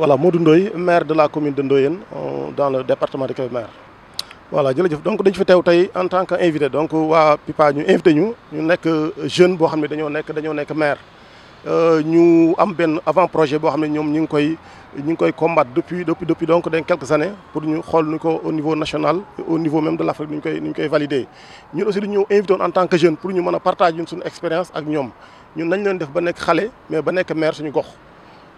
voilà Modou Ndoye maire de la commune de Ndoyène euh, dans le département de Kébémer voilà jërëjëf donc dañ fi teew tey en tant que invité donc waa Pipa ñu invité ñu ñu nekk jeune boo xam ne dañoo nekk dañoo nekk maire euh, ñu am benn avant projet boo xam ne ñoom ñu ngi koy ñu ngi koy combattre depuis depuis depuis donc dans quelques années pour ñu xool nu ko au niveau national au niveau même de l'Afrique nu ñu koy nu ñu koy valider ñun aussi dañu ñëw invité woon en tant que jeune pour ñu mën a partager ñun suñu expérience ak ñoom ñun leen def ba nekk xale mais ba nekk maire suñu gox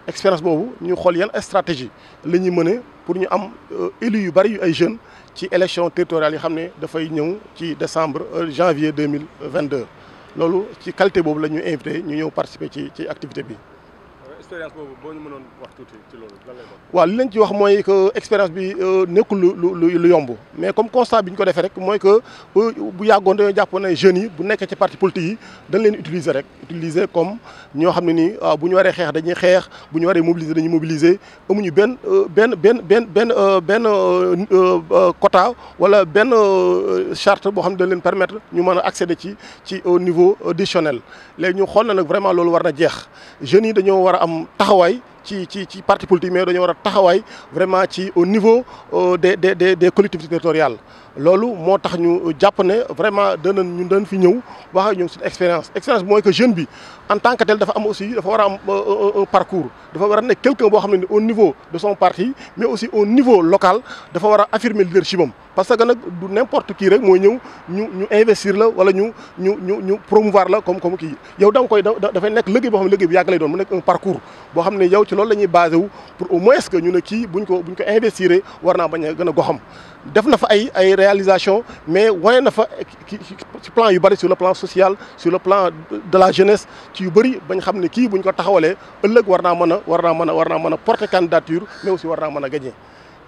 expérience boobu ñu xool yan stratégie la ñuy mëne pour ñu am euh, élu yu bari yu ay jeunes ci élection territoriale yi xam ne dafay ñëw ci décembre euh, janvier deux mille vingt-deux loolu ci qualité boobu la ñu invité ñu ñëw participer ci ci activité bi. expérience boobu boo ñu mënoon wax tuuti ci loolu lan li leen ci wax mooy que expérience bi euh, nekkul lu lu yomb mais comme constat bi ñu ko defee rek mooy que euh, bu yàggoon dañoo jàppoon ne jeunes yi bu nekkee ci parti politique yi dañ leen utiliser rek utiliser comme ñoo xam ne nii ah, bu ñu waree xeex dañuy xeex bu ñu waree mobiliser dañuy mobiliser amuñu benn euh, benn benn benn benn benn quota wala benn charte boo xam ne dañ leen permettre ñu mën a accéder ci ci au niveau additionnel léegi ñu xool na nag vraiment loolu war na jeex jeunes yi dañoo war a am. am taxawaay ci ci ci parti politique mais dañoo war a taxawaay vraiment ci au niveau euh, de des des des collectivités territoriales. loolu moo tax ñu jàpp ne vraiment danañ ñu dañ fi ñëw wax ak ñoom suñu expérience expérience bi mooy que jeune bi en tant que tel dafa am aussi dafa war a am euh, euh, parcours dafa war a nekk quelqu'un boo xam ne au niveau de son parti mais aussi au niveau local dafa war a affirmer leadership am parce que nag du n'importe kii rek mooy ñëw ñu ñu investir la wala ñu ñu ñu ñu promouvoir la comme comme kii yow boo xam ne liggéey bi loolu la ñuy basé wu pour au moins que ñu ne kii buñ ko buñ ko investir war naa bañ a gën a goxam def na fa ay ay réalisation mais wane na fa ci plan yu bëri sur le plan social sur le plan de la jeunesse ci yu bari bañ xam ne kii buñ ko taxawalee ëllëg war naa mën a war naa mën a war naa mën a porter candidature mais aussi war naa mën a gagner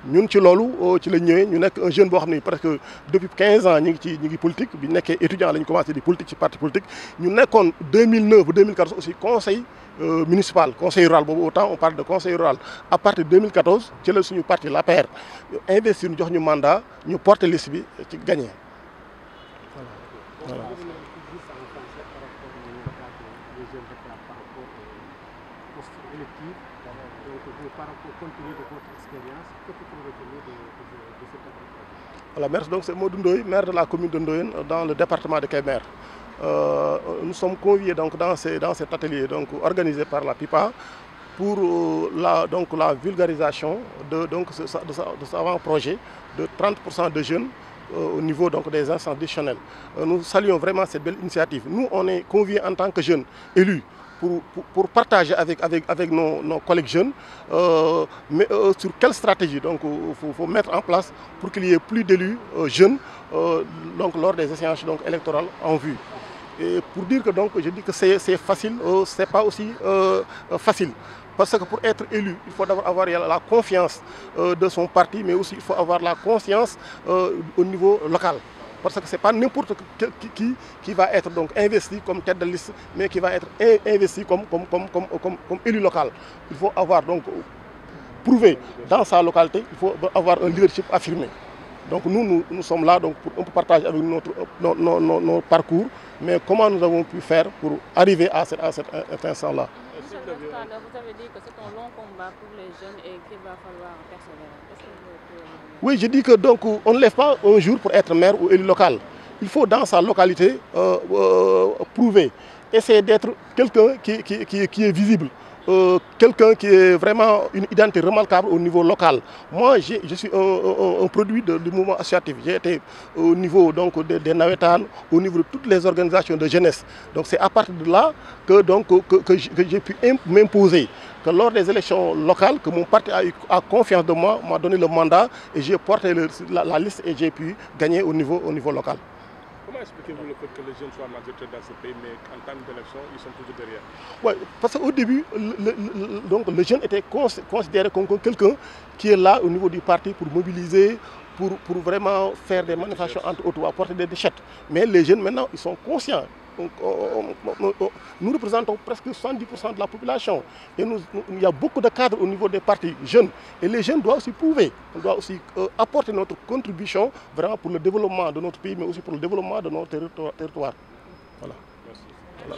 ñun ci loolu euh, ci lañ ñëwee ñu nekk un jeune boo xam ne presque depuis 15 ans ñu ngi ci ñu ngi politique bi nekkee étudiant lañ commencé di politique ci parti politique ñu nekkoon 2009 2014 aussi conseil euh, municipal conseil rural boobu autant on parle de conseil rural à partir de 2014 ci la suñu parti l'APR investir ñu jox ñu mandat ñu porter liste bi ci gagné voilà. élective. Donc, vous, par compte de votre expérience, que la commune de Ndoyen, dans le département de Kémer. Euh, nous sommes conviés dans, ces, dans cet atelier donc, organisé par la PIPA pour euh, la, donc, la vulgarisation de, donc, de, de ce avant-projet de 30% de jeunes euh, au niveau donc, des instances décisionnelles. Euh, nous saluons vraiment cette belle initiative. Nous, on est conviés en tant que jeunes élus pour, pour, pour, partager avec, avec, avec nos, nos collègues jeunes euh, mais, euh, sur quelle stratégie donc euh, faut, mettre en place pour qu'il y ait plus d'élus euh, jeunes euh, donc, lors des échéances donc, électorales en vue. Et pour dire que donc, je dis que c'est facile, euh, ce n'est pas aussi facile. Parce que pour être élu, il faut avoir la confiance de son parti, mais aussi il faut avoir la conscience au niveau local. parce que c'est pas n'importe qui, qui qui va être donc investi comme tête de liste mais qui va être investi comme élu local il faut avoir donc prouver dans sa localité il faut avoir un leadership affirmé donc nous, nous, sommes là donc, pour un avec notre, parcours, mais comment nous avons pu faire pour arriver à, cette, à cet instant-là. tout je dis que donc on ne lève pas un jour pour être maire ou élu local. Il faut dans sa localité euh, euh, prouver, essayer d'être quelqu'un qui, qui, qui est visible. euh, quelqu'un qui est vraiment une identité remarquable au niveau local. Moi, je suis un, un, produit de, du mouvement associatif. J'ai été au niveau donc, des, des Nawetan, au niveau de toutes les organisations de jeunesse. Donc c'est à partir de là que, donc, que, que j'ai pu m'imposer. Que lors des élections locales, que mon parti a eu a confiance de moi, m'a donné le mandat et j'ai porté la, la, liste et j'ai pu gagner au niveau, au niveau local. Comment expliquez que les jeunes soient majoritaires dans début, donc, le jeune était considéré comme quelqu'un qui est là au niveau du parti pour mobiliser, pour, pour vraiment faire des manifestations entre autres, apporter des déchets. Mais les jeunes maintenant, ils sont conscients Euh, euh, euh, nous représentons presque 70% de la population. Et nous, il y a beaucoup de cadres au niveau des partis jeunes. Et les jeunes doivent aussi prouver, on doit aussi apporter notre contribution vraiment pour le développement de notre pays, mais aussi pour le développement de nos territoires. Voilà.